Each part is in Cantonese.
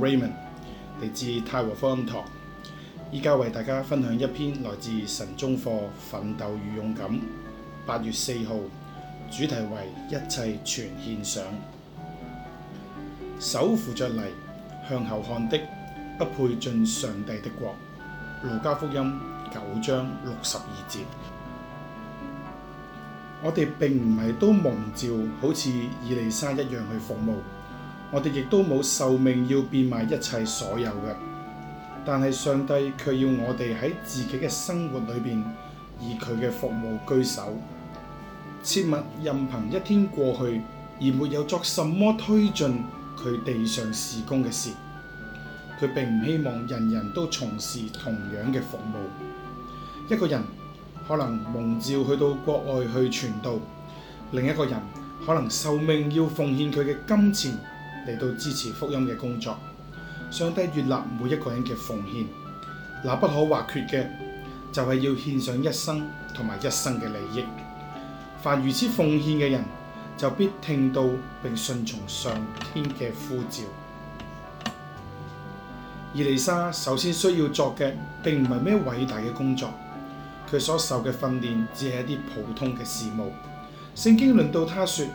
Raymond 嚟自太和福音堂，依家為大家分享一篇來自神中課《奮鬥與勇敢》，八月四號，主題為一切全獻上。手扶着犁，向後看的，不配進上帝的國。路加福音九章六十二節，我哋並唔係都蒙召，好似以利沙一樣去服務。我哋亦都冇受命要變賣一切所有嘅，但係上帝卻要我哋喺自己嘅生活裏邊以佢嘅服務居首。切勿任憑一天過去而沒有作什麼推進佢地上事工嘅事。佢並唔希望人人都從事同樣嘅服務。一個人可能蒙召去到國外去傳道，另一個人可能受命要奉獻佢嘅金錢。嚟到支持福音嘅工作，上帝悅納每一個人嘅奉獻。那不可或缺嘅就係要獻上一生同埋一生嘅利益。凡如此奉獻嘅人，就必聽到並順從上天嘅呼召。以利沙首先需要做嘅，並唔係咩偉大嘅工作，佢所受嘅訓練只係一啲普通嘅事務。聖經論到他說。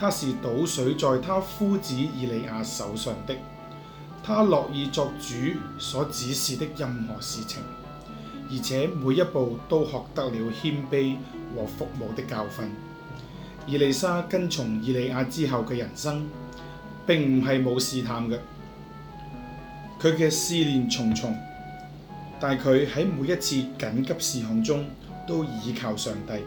他是倒水在他夫子以利亞手上的，他樂意作主所指示的任何事情，而且每一步都學得了謙卑和服務的教訓。以利沙跟從以利亞之後嘅人生，並唔係冇試探嘅，佢嘅思念重重，但佢喺每一次緊急事項中都倚靠上帝。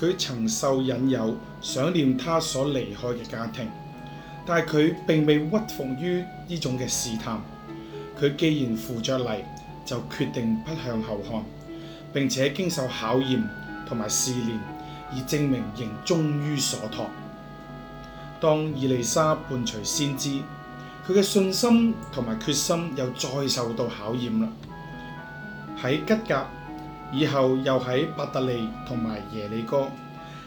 佢曾受引誘，想念他所離開嘅家庭，但佢並未屈服於呢種嘅試探。佢既然扶著嚟，就決定不向後看。並且經受考驗同埋試煉，以證明仍忠於所託。當伊麗莎伴隨先知，佢嘅信心同埋決心又再受到考驗啦。喺吉甲。以後又喺伯特利同埋耶利哥，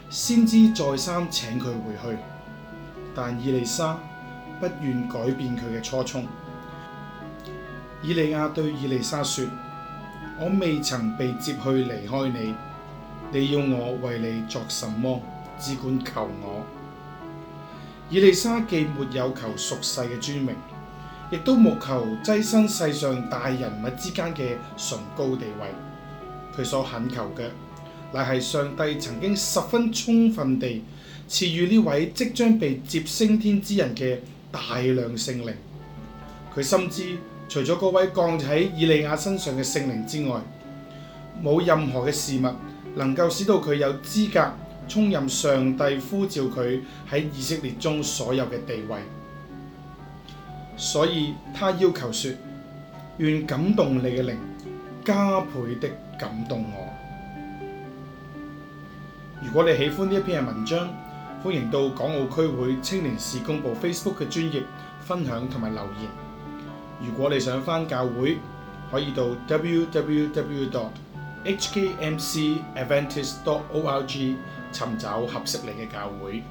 先知再三請佢回去，但以利沙不願改變佢嘅初衷。以利亞對以利沙說：「我未曾被接去離開你，你要我為你作什麼，只管求我。以利沙既沒有求俗世嘅尊名，亦都無求躋身世上大人物之間嘅崇高地位。佢所懇求嘅，乃係上帝曾經十分充分地賜予呢位即將被接升天之人嘅大量聖靈。佢深知除咗嗰位降喺以利亞身上嘅聖靈之外，冇任何嘅事物能夠使到佢有資格充任上帝呼召佢喺以色列中所有嘅地位。所以，他要求說：願感動你嘅靈。加倍的感動我。如果你喜歡呢一篇嘅文章，歡迎到港澳區會青年事工部 Facebook 嘅專頁分享同埋留言。如果你想翻教會，可以到 www.hkmcadventist.org 尋找合適你嘅教會。